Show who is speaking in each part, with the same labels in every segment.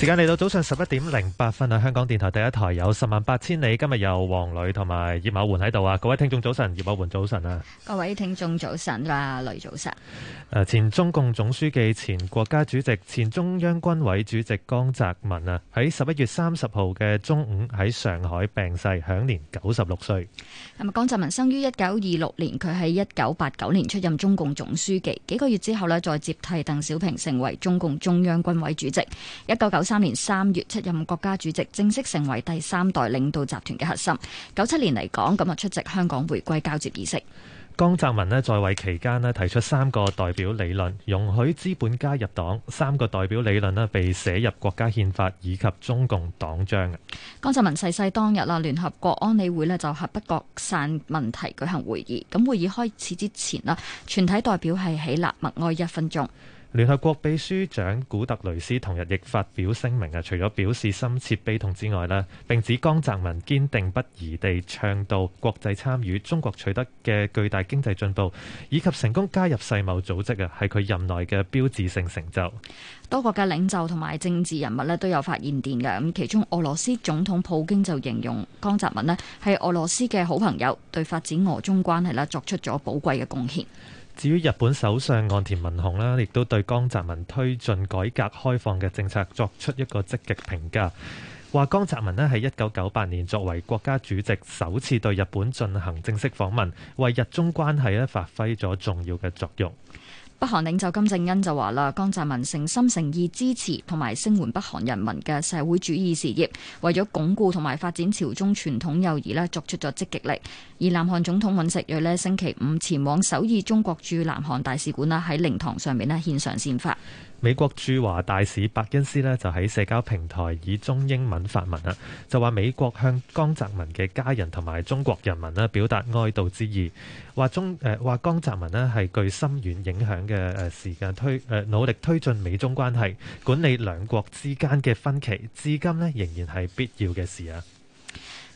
Speaker 1: 時間嚟到早上十一點零八分啊！香港電台第一台有十萬八千里，今日有黃磊同埋葉某煥喺度啊！各位聽眾早晨，葉某煥早晨啊！
Speaker 2: 各位聽眾早晨啊，雷早晨。
Speaker 1: 誒，前中共總書記、前國家主席、前中央軍委主席江澤民啊，喺十一月三十號嘅中午喺上海病逝，享年九十六歲。
Speaker 2: 咁啊，江澤民生於一九二六年，佢喺一九八九年出任中共總書記，幾個月之後呢，再接替鄧小平成為中共中央軍委主席。一九九。三年三月出任國家主席，正式成為第三代領導集團嘅核心。九七年嚟講，咁啊出席香港回歸交接儀式。
Speaker 1: 江澤民呢，在位期間呢，提出三個代表理論，容許資本家入黨。三個代表理論呢，被寫入國家憲法以及中共黨章。
Speaker 2: 江澤民逝世當日啦，聯合國安理會呢就核不擴散問題舉行會議。咁會議開始之前啦，全體代表係起立默哀一分鐘。
Speaker 1: 聯合國秘書長古特雷斯同日亦發表聲明啊，除咗表示深切悲痛之外咧，並指江澤民堅定不移地倡導國際參與，中國取得嘅巨大經濟進步以及成功加入世貿組織啊，係佢任內嘅標誌性成就。
Speaker 2: 多國嘅領袖同埋政治人物咧都有發唁電嘅，咁其中俄羅斯總統普京就形容江澤民咧係俄羅斯嘅好朋友，對發展俄中關係啦作出咗寶貴嘅貢獻。
Speaker 1: 至於日本首相岸田文雄呢亦都對江澤民推進改革開放嘅政策作出一個積極評價，話江澤民咧喺一九九八年作為國家主席首次對日本進行正式訪問，為日中關係咧發揮咗重要嘅作用。
Speaker 2: 北韓領袖金正恩就話啦：江澤民誠心誠意支持同埋聲援北韓人民嘅社會主義事業，為咗鞏固同埋發展朝中傳統友誼呢，作出咗積極力。而南韓總統尹錫悅呢星期五前往首爾中國駐南韓大使館啦，喺靈堂上面獻上鮮花。
Speaker 1: 美國駐華大使伯恩斯就喺社交平台以中英文發文就話，美國向江澤民嘅家人同埋中國人民表達哀悼之意，話中誒江澤民咧係具深遠影響嘅誒時間推努力推進美中關係，管理兩國之間嘅分歧，至今仍然係必要嘅事啊。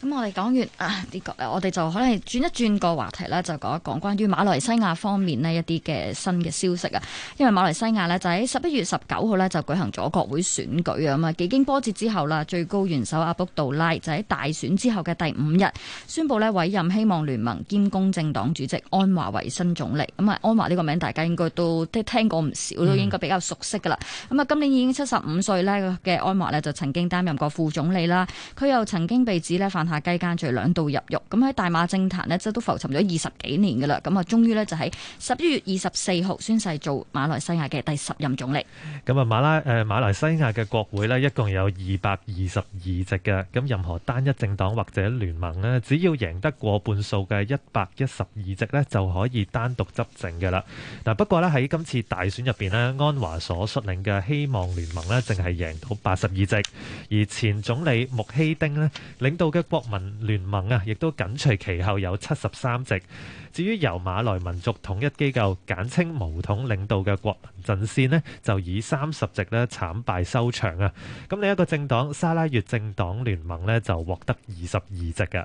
Speaker 2: 咁我哋講完啊，呢個、我哋就可能轉一轉個話題咧，就講一講關於馬來西亞方面呢一啲嘅新嘅消息啊。因為馬來西亞呢就喺十一月十九號呢就舉行咗國會選舉啊嘛。咁啊，幾經波折之後啦，最高元首阿卜杜拉就喺大選之後嘅第五日，宣布呢委任希望聯盟兼公正黨主席安華為新總理。咁啊，安華呢個名大家應該都聽過唔少，都應該比較熟悉噶啦。咁、嗯、啊，今年已經七十五歲呢嘅安華呢，就曾經擔任過副總理啦。佢又曾經被指呢犯雞姦罪兩度入獄，咁喺大馬政壇咧，即係都浮沉咗二十幾年噶啦，咁啊，終於咧就喺十一月二十四號宣誓做馬來西亞嘅第十任總理。
Speaker 1: 咁啊，馬拉誒馬來西亞嘅國會咧，一共有二百二十二席嘅，咁任何單一政黨或者聯盟咧，只要贏得過半數嘅一百一十二席咧，就可以單獨執政噶啦。嗱，不過咧喺今次大選入邊咧，安華所率領嘅希望聯盟咧，淨係贏到八十二席，而前總理穆希丁咧領導嘅。國民聯盟啊，亦都緊隨其後，有七十三席。至於由馬來民族統一機構簡稱巫統領導嘅國民陣線呢，就以三十席呢慘敗收場啊！咁另一個政黨沙拉越政黨聯盟呢，就獲得二十二席嘅。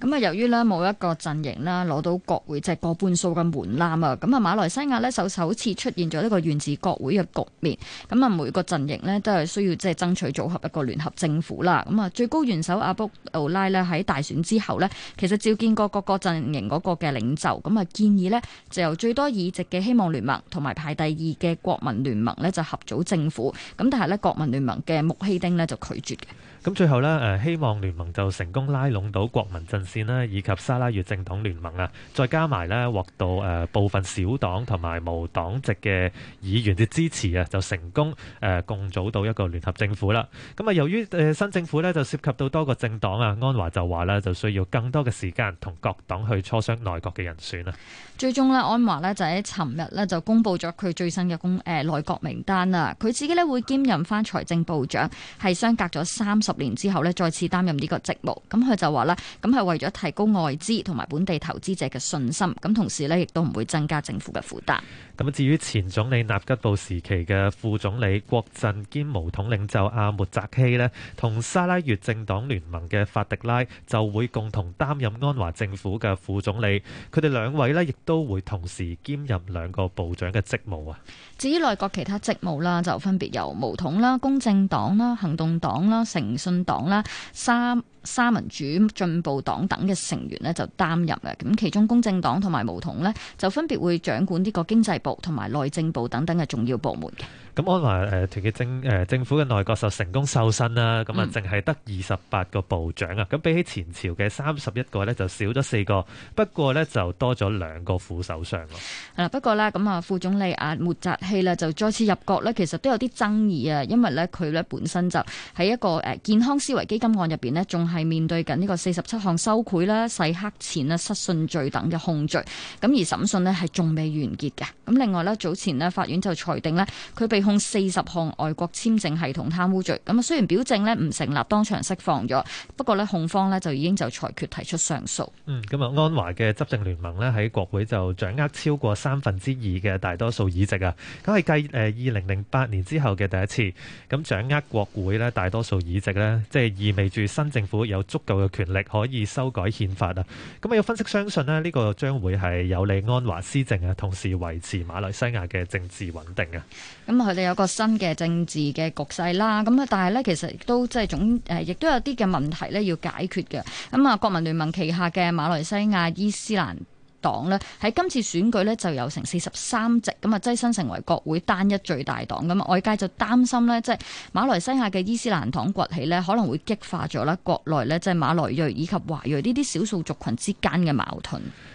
Speaker 2: 咁啊，由於呢冇一個陣營啦，攞到國會即係過半數嘅門檻啊，咁啊，馬來西亞呢，首首次出現咗一個源自國會嘅局面。咁啊，每個陣營呢，都係需要即係爭取組合一個聯合政府啦。咁啊，最高元首阿卜杜拉。喺大選之後呢，其實召見過各個陣營各個嘅領袖，咁啊建議呢，就由最多議席嘅希望聯盟同埋排第二嘅國民聯盟呢，就合組政府，咁但係呢，國民聯盟嘅穆希丁呢，就拒絕嘅。
Speaker 1: 咁最後呢，誒，希望聯盟就成功拉攏到國民陣線啦，以及沙拉越政黨聯盟啊，再加埋呢，獲到誒部分小黨同埋無黨籍嘅議員嘅支持啊，就成功誒共組到一個聯合政府啦。咁啊，由於誒新政府呢，就涉及到多個政黨啊，安。話就話啦，就需要更多嘅時間同各黨去磋商內閣嘅人選啦。
Speaker 2: 最終咧，安華咧就喺尋日咧就公布咗佢最新嘅公誒內閣名單啦。佢自己咧會兼任翻財政部長，係相隔咗三十年之後咧再次擔任呢個職務。咁佢就話啦，咁係為咗提高外資同埋本地投資者嘅信心，咁同時呢亦都唔會增加政府嘅負擔。咁
Speaker 1: 至於前總理納吉布時期嘅副總理國陣兼巫統領袖阿末扎希呢同沙拉越政黨聯盟嘅法迪。就會共同擔任安華政府嘅副總理，佢哋兩位呢，亦都會同時兼任兩個部長嘅職務啊。
Speaker 2: 至於內閣其他職務啦，就分別由巫統啦、公正黨啦、行動黨啦、誠信黨啦三三民主進步黨等嘅成員咧就擔任嘅，咁其中公正黨同埋巫統呢，就分別會掌管呢個經濟部同埋內政部等等嘅重要部門嘅。
Speaker 1: 咁安華誒團結政誒、呃、政府嘅內閣就成功瘦身啦，咁啊淨係得二十八個部長啊，咁、嗯、比起前朝嘅三十一個呢，就少咗四個，不過呢，就多咗兩個副首相咯。
Speaker 2: 係啦，不過呢，咁啊副總理阿末扎希呢，就再次入閣呢其實都有啲爭議啊，因為呢，佢呢本身就喺一個誒健康思維基金案入邊呢。仲係。係面對緊呢個四十七項收賄啦、洗黑錢啦、失信罪等嘅控罪，咁而審訊呢係仲未完結嘅。咁另外呢，早前呢，法院就裁定呢，佢被控四十項外國簽證系統貪污罪。咁啊，雖然表證呢唔成立，當場釋放咗，不過呢控方呢就已經就裁決提出上訴。嗯，
Speaker 1: 咁啊，安華嘅執政聯盟呢，喺國會就掌握超過三分之二嘅大多數議席啊。咁係繼誒二零零八年之後嘅第一次咁掌握國會呢大多數議席呢，即係意味住新政府。會有足夠嘅權力可以修改憲法啊！咁啊，有分析相信呢，呢個將會係有利安華施政啊，同時維持馬來西亞嘅政治穩定啊！
Speaker 2: 咁佢哋有一個新嘅政治嘅局勢啦，咁啊，但係呢，其實都即係總誒，亦都有啲嘅問題呢要解決嘅。咁啊，國民聯盟旗下嘅馬來西亞伊斯蘭。黨咧，喺今次選舉咧就有成四十三席，咁啊，躋身成為國會單一最大黨，咁啊，外界就擔心呢，即係馬來西亞嘅伊斯蘭黨崛起呢，可能會激化咗啦國內咧，即係馬來裔以及華裔呢啲少數族群之間嘅矛盾。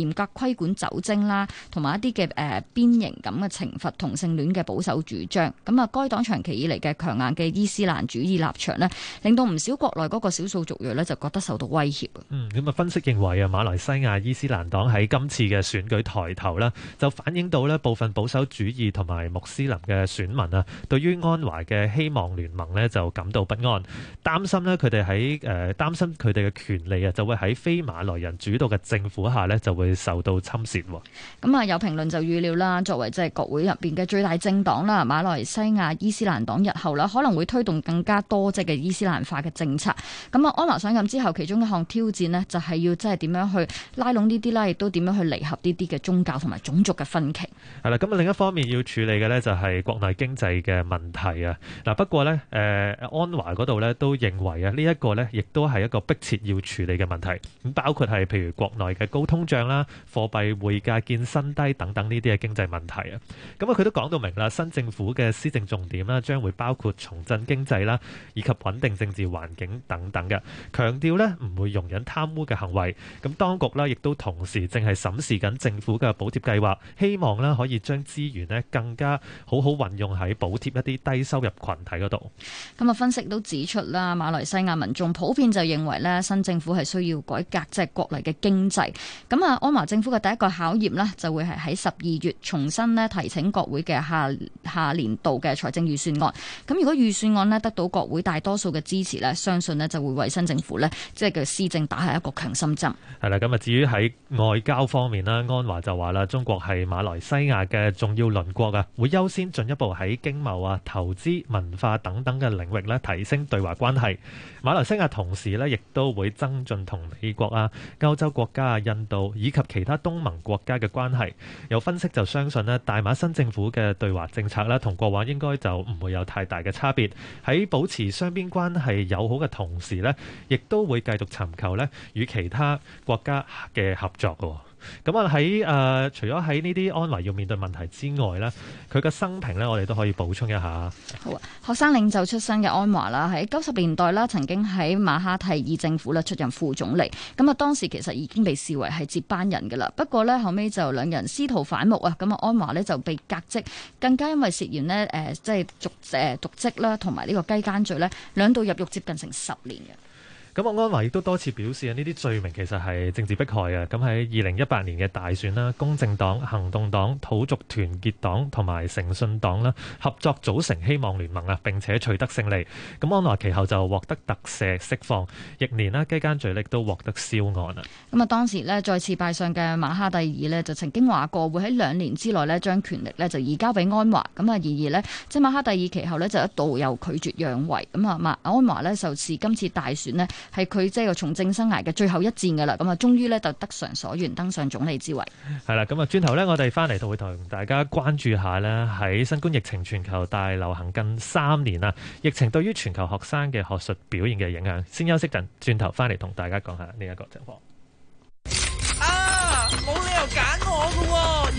Speaker 2: 嚴格規管酒精啦，同埋一啲嘅誒鞭刑咁嘅懲罰同性戀嘅保守主張，咁啊，該黨長期以嚟嘅強硬嘅伊斯蘭主義立場呢，令到唔少國內嗰個少數族裔呢，就覺得受到威脅啊。
Speaker 1: 嗯，咁啊，分析認為啊，馬來西亞伊斯蘭黨喺今次嘅選舉抬頭啦，就反映到呢部分保守主義同埋穆斯林嘅選民啊，對於安華嘅希望聯盟呢，就感到不安，擔心呢，佢哋喺誒擔心佢哋嘅權利啊，就會喺非馬來人主導嘅政府下呢。就。會受到侵蝕喎。
Speaker 2: 咁、嗯、啊，有評論就預料啦，作為即係國會入邊嘅最大政黨啦，馬來西亞伊斯蘭黨日後咧可能會推動更加多即嘅伊斯蘭化嘅政策。咁、嗯、啊，安華上任之後，其中一項挑戰呢，就係要即係點樣去拉攏呢啲啦，亦都點樣去彌合呢啲嘅宗教同埋種族嘅分歧。
Speaker 1: 係啦，咁啊，另一方面要處理嘅呢，就係國內經濟嘅問題啊。嗱，不過呢，誒、呃，安華嗰度呢，都認為啊，呢一個呢，亦都係一個迫切要處理嘅問題。咁包括係譬如國內嘅高通脹。啦，貨幣匯價見新低等等呢啲嘅經濟問題啊，咁啊，佢都講到明啦，新政府嘅施政重點啦，將會包括重振經濟啦，以及穩定政治環境等等嘅，強調咧唔會容忍貪污嘅行為。咁當局啦，亦都同時正係審視緊政府嘅補貼計劃，希望啦可以將資源咧更加好好運用喺補貼一啲低收入群體嗰度。
Speaker 2: 咁啊，分析都指出啦，馬來西亞民眾普遍就認為咧，新政府係需要改革即係、就是、國內嘅經濟。咁啊。安華政府嘅第一個考驗呢，就會係喺十二月重新呢提請國會嘅下下年度嘅財政預算案。咁如果預算案呢得到國會大多數嘅支持呢，相信呢就會為新政府呢，即係嘅施政打下一個強心針。
Speaker 1: 係啦，咁啊，至於喺外交方面呢，安華就話啦，中國係馬來西亞嘅重要鄰國啊，會優先進一步喺經貿啊、投資、文化等等嘅領域呢，提升對華關係。馬來西亞同時呢，亦都會增進同美國啊、歐洲國家啊、印度以以及其他東盟國家嘅關係，有分析就相信咧，大馬新政府嘅對華政策咧，同過往應該就唔會有太大嘅差別。喺保持雙邊關係友好嘅同時咧，亦都會繼續尋求咧與其他國家嘅合作嘅。咁啊喺誒除咗喺呢啲安華要面對問題之外呢，佢嘅生平呢，我哋都可以補充一下。
Speaker 2: 好啊，學生領袖出身嘅安華啦，喺九十年代啦，曾經喺馬哈蒂爾政府呢出任副總理。咁啊，當時其實已經被視為係接班人嘅啦。不過呢，後尾就兩人師徒反目啊，咁啊安華呢就被革職，更加因為涉嫌呢，誒即係瀆誒瀆職啦，同埋呢個雞姦罪呢兩度入獄接近成十年嘅。
Speaker 1: 咁安華亦都多次表示啊，呢啲罪名其實係政治迫害。咁喺二零一八年嘅大選啦，公正黨、行動黨、土族團結黨同埋誠信黨啦合作組成希望聯盟啊，並且取得勝利。咁安華其後就獲得特赦釋放，翌年呢，雞姦罪行都獲得銷案啊。
Speaker 2: 咁啊，當時呢，再次拜相嘅馬哈蒂爾呢，就曾經話過，會喺兩年之內呢將權力呢就移交俾安華。咁啊，然而呢即馬哈蒂爾其後呢，就一度又拒絕讓位。咁啊，安華呢，就恃今次大選呢。係佢即係從政生涯嘅最後一戰噶啦，咁啊，終於咧就得償所願，登上總理之位。
Speaker 1: 係啦，咁啊，轉頭咧，我哋翻嚟同同大家關注一下咧，喺新冠疫情全球大流行近三年啦，疫情對於全球學生嘅學術表現嘅影響。先休息陣，轉頭翻嚟同大家講一下呢一個情況。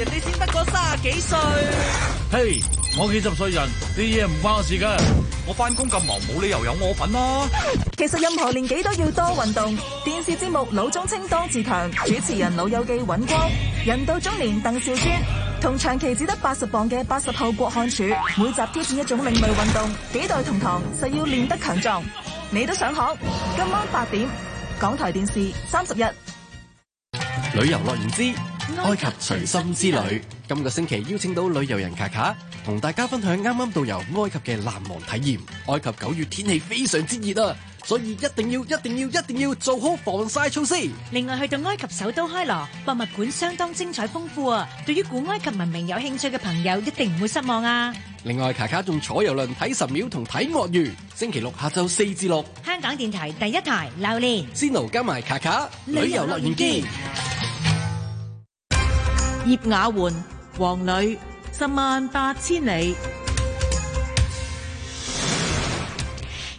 Speaker 2: 人哋先得個卅幾歲，
Speaker 3: 嘿、hey,，我幾十歲人，啲嘢唔關我事噶。我翻工咁忙，冇理由有我
Speaker 2: 份啦、啊。其實任何年紀都要多運動。電視節目老中青多自強，主持人老友記尹光，人到中年鄧兆尊，同長期只得八十磅嘅八十後郭漢柱，每集挑戰一種另類運動。幾代同堂實要練得強壯，你都想學？今晚八點，港台電視三十一，
Speaker 1: 旅遊樂言之。埃及隨心之旅，今個星期邀請到旅遊人卡卡，同大家分享啱啱導遊埃及嘅難忘體驗。埃及九月天氣非常之熱啊，所以一定要一定要一定要做好防曬措施。另外去到埃及首都開羅，博物館相當精彩豐富啊，對於古埃及文明有興趣嘅朋友一定唔會失望啊。另外卡卡仲坐遊輪睇神廟同睇鱷魚。星期六下晝四至六，香港電臺第一臺流年，Snow 加埋卡卡旅遊樂園機。
Speaker 2: 葉雅媛、黃女，十萬八千里。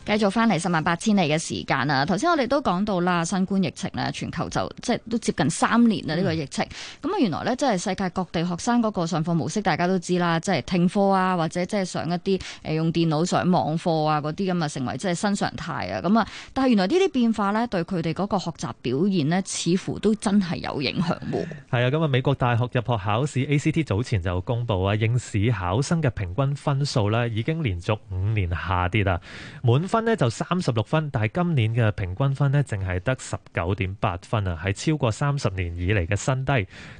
Speaker 2: 繼續翻嚟十萬八千里嘅時間啊！頭先我哋都講到啦，新冠疫情咧，全球就即係都接近三年啦呢個疫情。咁、嗯、啊，原來呢即係世界各地學生嗰個上課模式，大家都知啦，即係聽課啊，或者即係上一啲誒用電腦上網課啊嗰啲咁啊，成為即係新常態啊。咁啊，但係原來呢啲變化呢，對佢哋嗰個學習表現呢，似乎都真係有影響喎。
Speaker 1: 係啊，咁啊，美國大學入學考試 ACT 早前就公布啊，應試考生嘅平均分數呢，已經連續五年下跌啦，滿。分呢就三十六分，但係今年嘅平均分呢淨係得十九點八分啊，係超過三十年以嚟嘅新低。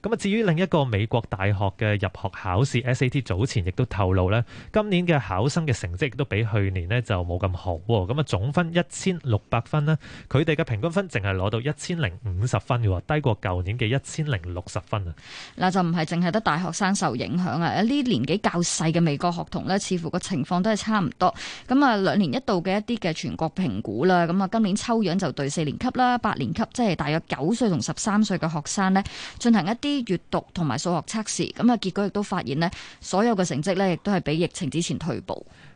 Speaker 1: 咁啊，至於另一個美國大學嘅入學考試 SAT，早前亦都透露呢，今年嘅考生嘅成績都比去年呢就冇咁好。咁啊，總分一千六百分呢，佢哋嘅平均分淨係攞到一千零五十分嘅，低過舊年嘅一千零六十分啊。
Speaker 2: 嗱，就唔係淨係得大學生受影響啊，呢年紀較細嘅美國學童呢，似乎個情況都係差唔多。咁啊，兩年一度嘅，一啲嘅全國評估啦，咁啊，今年抽樣就對四年級啦、八年級，即係大約九歲同十三歲嘅學生呢，進行一啲閱讀同埋數學測試，咁啊，結果亦都發現呢，所有嘅成績呢亦都係比疫情之前退步。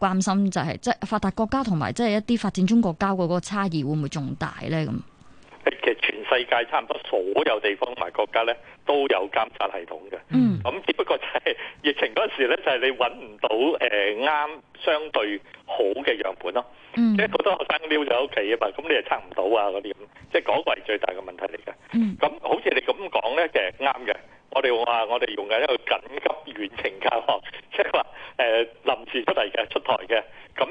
Speaker 2: 關心就係即係發達國家同埋即係一啲發展中國家嗰個差異會唔會仲大咧咁？
Speaker 3: 世界差唔多所有地方同埋國家咧都有監察系統嘅，咁、mm. 只不過就係疫情嗰時咧就係你揾唔到誒啱、呃、相對好嘅樣本咯，即係好多學生溜咗屋企啊嘛，咁你又測唔到啊嗰啲，即係嗰個係最大嘅問題嚟嘅。咁、mm. 好似你咁講咧，其實啱嘅。我哋話我哋用緊一個緊急遠程教學，即係話誒臨時出嚟嘅出台嘅咁。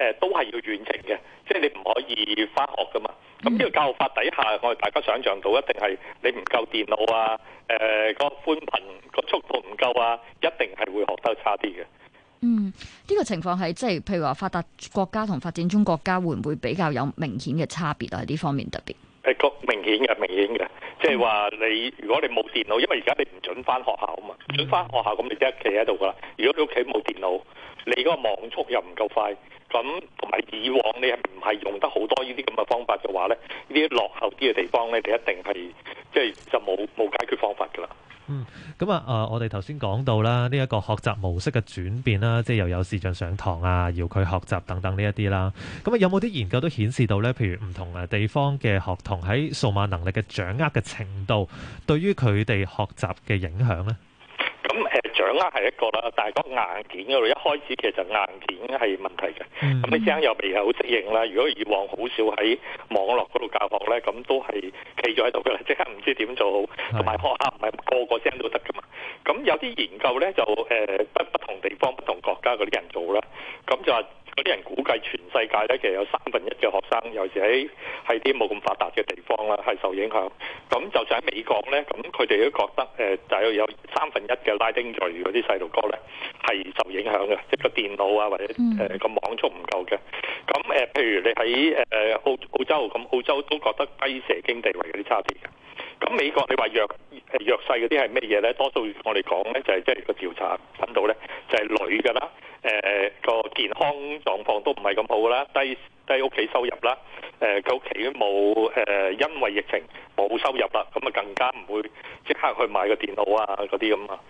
Speaker 3: 誒都係要遠程嘅，即係你唔可以翻學噶嘛。咁呢個教學法底下，我哋大家想象到一定係你唔夠電腦啊。誒、呃，個寬頻、個速度唔夠啊，一定係會學得差啲嘅。嗯，
Speaker 2: 呢個情況係即係譬如話發達國家同發展中國家會唔會比較有明顯嘅差別啊？呢方面特別
Speaker 3: 明顯嘅，明顯嘅，即係話你如果你冇電腦，因為而家你唔準翻學校啊嘛，唔準翻學校咁，你即刻企喺度噶啦。如果你屋企冇電腦，你嗰個網速又唔夠快。咁同埋以往你係唔係用得好多呢啲咁嘅方法嘅話呢，呢啲落後啲嘅地方呢，就一定係即係就冇、是、冇解決方法
Speaker 1: 㗎啦。嗯，咁、嗯、啊、嗯、我哋頭先講到啦，呢一個學習模式嘅轉變啦，即係又有視像上堂啊，遙距學習等等呢一啲啦。咁啊，有冇啲研究都顯示到呢？譬如唔同嘅地方嘅學童喺數碼能力嘅掌握嘅程度，對於佢哋學習嘅影響呢？
Speaker 3: 但係一個啦，但係個硬件嗰度一開始其實硬件係問題嘅。咁、mm. 你聲又未係好適應啦。如果以往好少喺網絡嗰度教學咧，咁都係企咗喺度嘅啦。即刻唔知點做好，同埋學校唔係個個聲都得噶嘛。咁有啲研究咧就誒不、呃、不同地方、不同國家嗰啲人做啦。咁就。有啲人估計全世界咧，其實有三分一嘅學生，尤其喺啲冇咁發達嘅地方啦，係受影響。咁就算喺美國咧，咁佢哋都覺得誒，就、呃、又有三分一嘅拉丁裔嗰啲細路哥咧，係受影響嘅，即個電腦啊或者誒個、呃、網速唔夠嘅。咁誒、呃，譬如你喺誒澳澳洲咁，澳洲都覺得低社經地位有啲差別嘅。咁美國你話弱弱勢嗰啲係咩嘢咧？多數我哋講咧就係即個調查揾到咧就係、是、女㗎啦。誒、呃、個健康狀況都唔係咁好啦，低低屋企收入啦，誒佢屋企冇誒因為疫情冇收入啦，咁啊更加唔會即刻去買個電腦啊嗰啲咁啊，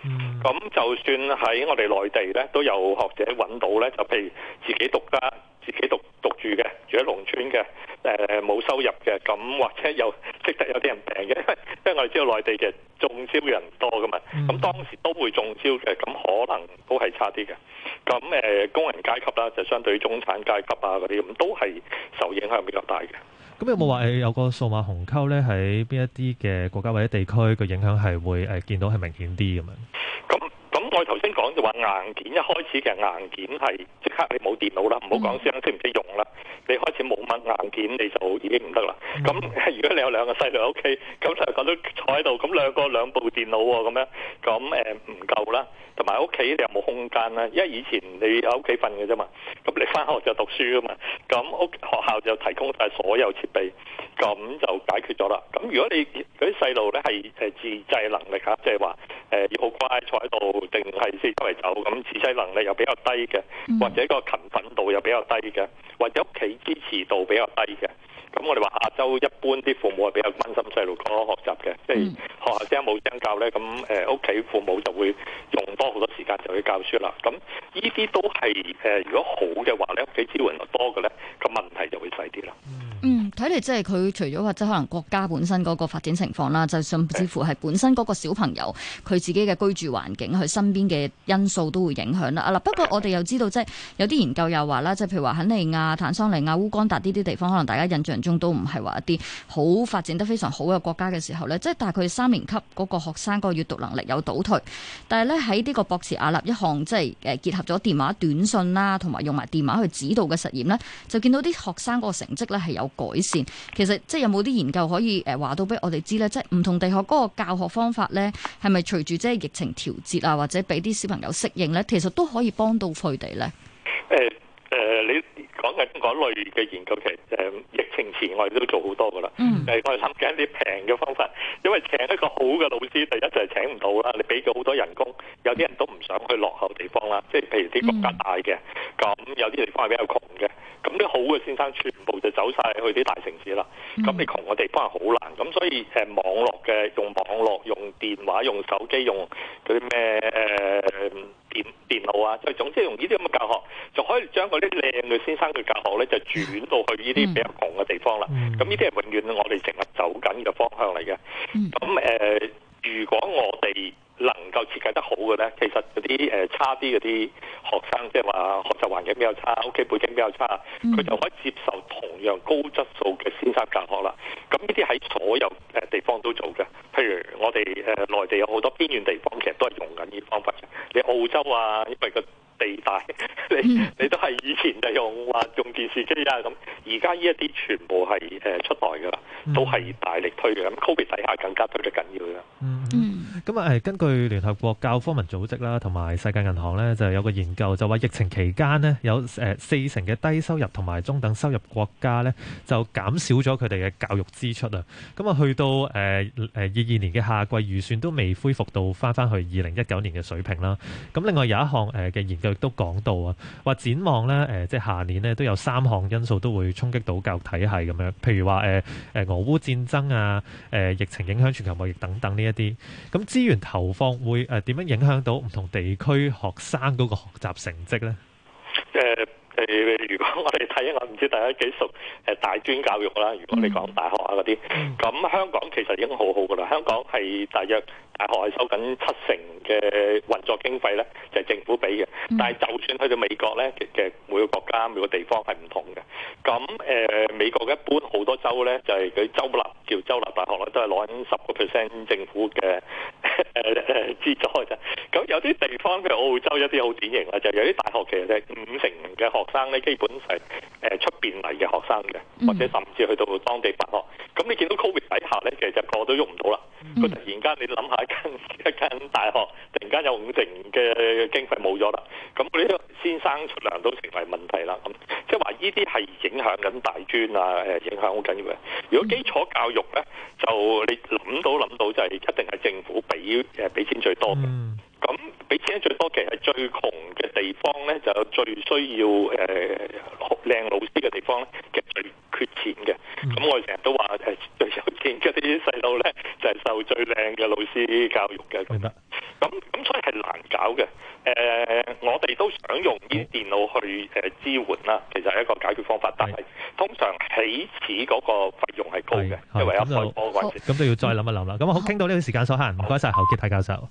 Speaker 3: 咁、嗯、就算喺我哋內地咧，都有學者揾到咧，就譬如自己讀家、啊、自己讀。獨住嘅住喺農村嘅，誒、呃、冇收入嘅，咁或者有，識得有啲人病嘅，因為我哋知道內地嘅中招嘅人多噶嘛，咁、嗯、當時都會中招嘅，咁可能都係差啲嘅。咁、嗯、誒工人階級啦，就相對於中產階級啊嗰啲，咁都係受影響比較大嘅。
Speaker 1: 咁、嗯、有冇話有，有個數碼鴻溝咧？喺邊一啲嘅國家或者地區嘅影響係會誒見到係明顯啲咁樣？
Speaker 3: 嗯我頭先講就話硬件一開始，其實硬件係即刻，你冇電腦啦，唔好講聲識唔識用啦，你開始冇乜硬件你就已經唔得啦。咁、mm -hmm. 如果你有兩個細路喺屋企，咁就講到坐喺度，咁兩個，兩、個兩部電腦喎，哦，咁樣咁誒唔夠啦。同埋屋企你又冇空間啦，因為以前你喺屋企瞓嘅啫嘛，咁你翻學就讀書啊嘛，咁屋學校就提供曬所有設備。咁、嗯、就解決咗啦。咁如果你嗰啲細路咧係自制能力吓，即係話要好乖坐喺度，定係四周圍走，咁自制能力又比較低嘅，或者個勤奮度又比較低嘅，或者屋企支持度比較低嘅，咁我哋話亞洲一般啲父母係比較關心細路嗰個學習嘅，即、嗯、係、就是、學校聲冇聲教咧，咁屋企父母就會用多好多。就去教書啦。咁呢啲都係誒、呃，如果好嘅話咧，你屋企支援又多嘅咧，個問題就會細啲啦。
Speaker 2: 嗯，睇嚟即係佢除咗話即係可能國家本身嗰個發展情況啦，就甚至乎係本身嗰個小朋友佢自己嘅居住環境、佢身邊嘅因素都會影響啦。啊嗱，不過我哋又知道即係、就是、有啲研究又話啦，即係譬如話肯尼亞、坦桑尼亞、烏干達呢啲地方，可能大家印象中都唔係話一啲好發展得非常好嘅國家嘅時候咧，即、就、係、是、大概三年級嗰個學生個閱讀能力有倒退，但係咧喺呢個博士。亞立一項即係誒結合咗電話短、短信啦，同埋用埋電話去指導嘅實驗呢，就見到啲學生嗰個成績呢係有改善。其實即係有冇啲研究可以誒話到俾我哋知呢？即係唔同地區嗰個教學方法呢，係咪隨住即係疫情調節啊，或者俾啲小朋友適應呢，其實都可以幫到佢哋呢。
Speaker 3: 嗯係嗰類嘅研究，其實誒疫情前我哋都做好多噶啦。誒、嗯，我哋諗緊一啲平嘅方法，因為請一個好嘅老師，第一就係請唔到啦。你俾咗好多人工，有啲人都唔想去落後地方啦。即係譬如啲國家大嘅，咁、嗯、有啲地方係比較窮嘅，咁啲好嘅先生全部就走晒去啲大城市啦。咁你窮嘅地方係好難。咁所以誒，網絡嘅用網絡、用電話、用手機、用嗰啲咩誒。呃電電腦啊，即係總之用呢啲咁嘅教學，就可以將嗰啲靚嘅先生嘅教學咧，就轉到去呢啲比較窮嘅地方啦。咁呢啲係永遠我哋成日走緊嘅方向嚟嘅。咁誒、呃，如果我哋能夠設計得好嘅咧，其實嗰啲誒差啲嗰啲學生，即係話學習環境比較差，屋企背景比較差，佢就可以接受同樣高質素嘅先生教學啦。咁呢啲喺所有誒地方都做。 我哋誒內地有好多邊遠地方，其實都係用緊呢方法嘅。你澳洲啊，因為個地帶你你都係以前就用話用電視機啦、啊。咁。而家呢一啲全部係出台噶啦，都係大力推嘅。咁 COVID 底下更加推得緊要啦。
Speaker 1: 嗯，咁啊，誒，根據聯合國教科文組織啦，同埋世界銀行咧，就有個研究，就話疫情期間咧，有誒四成嘅低收入同埋中等收入國家咧，就減少咗佢哋嘅教育支出啊。咁啊，去到誒誒二二年嘅夏季預算都未恢復到翻翻去二零一九年嘅水平啦。咁另外有一項誒嘅研究亦都講到啊，話展望咧，誒，即係下年咧，都有三項因素都會衝擊到教育體系咁樣，譬如話誒誒俄烏戰爭啊，誒疫情影響全球貿易等等呢一啲咁資源投放會誒點樣影響到唔同地區學生嗰個學習成績
Speaker 3: 咧？誒如果我哋睇一，我唔知大家幾熟誒大專教育啦。如果你講大學啊嗰啲，咁香港其實已經好好噶啦。香港係大約。大學係收緊七成嘅運作經費咧，就係政府俾嘅。但係就算去到美國咧，其實每個國家每個地方係唔同嘅。咁誒，美國一般好多州咧，就係佢州立叫州立大學咧，都係攞緊十個 percent 政府嘅誒誒資助啫。咁有啲地方譬如澳洲一啲好典型啦，就有啲大學其實就係五成嘅學生咧，基本係誒出邊嚟嘅學生嘅，或者甚至去到當地辦學。咁你見到 COVID 底下咧，其實個個都喐唔到啦。佢突然間你諗下。 一間大學突然間有五成嘅經費冇咗啦，咁呢個先生出糧都成為問題啦。咁即係話呢啲係影響緊大專啊，誒影響好緊要嘅。如果基礎教育咧，就你諗到諗到就係一定係政府俾誒俾錢最多。咁俾錢最多，其實係最窮嘅地方咧，就最需要誒學靚、呃、老師嘅地方咧。最缺錢嘅，咁、嗯嗯、我哋成日都話誒最有錢嘅啲細路咧，就係受最靚嘅老師教育嘅。明白。咁所以係難搞嘅。誒、呃，我哋都想用啲電腦去誒支援啦，其實係一個解決方法，嗯、但係通常起始嗰個費用係高嘅，是的的係高嘅，因為有開波關係，咁
Speaker 1: 就要再諗一諗啦。咁、嗯、好，傾到呢段時間所限，唔該晒侯傑泰教授。